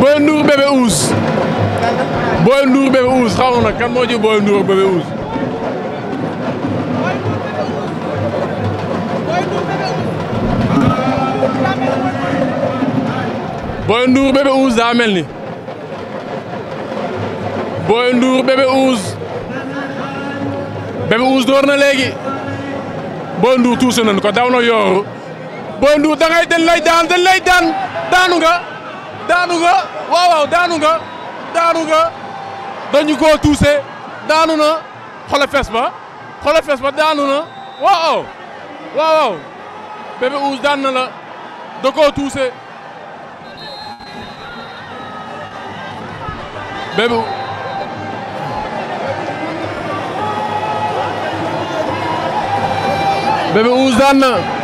Boy Ndour bébé Ousse. Boy na bébé Ousse xaw ma nag kan moo ci Boy Ndour ak bébé Ousse. Boy Ndour daa mel ni. Boy Ndour bébé Ousse. bébé Ousse door na léegi. Boy Ndour tuuse nañu ko daw na yooru. Boy Ndour da ngay lay daan dañ daan daanu nga. daanu nga waaw waaw daanu nga daanu nga dañu koo tuuse daanu na xoolal fes daanu na waaw waaw waaw Bébé Ouz na la da tuuse Bébé Bébé Ouz na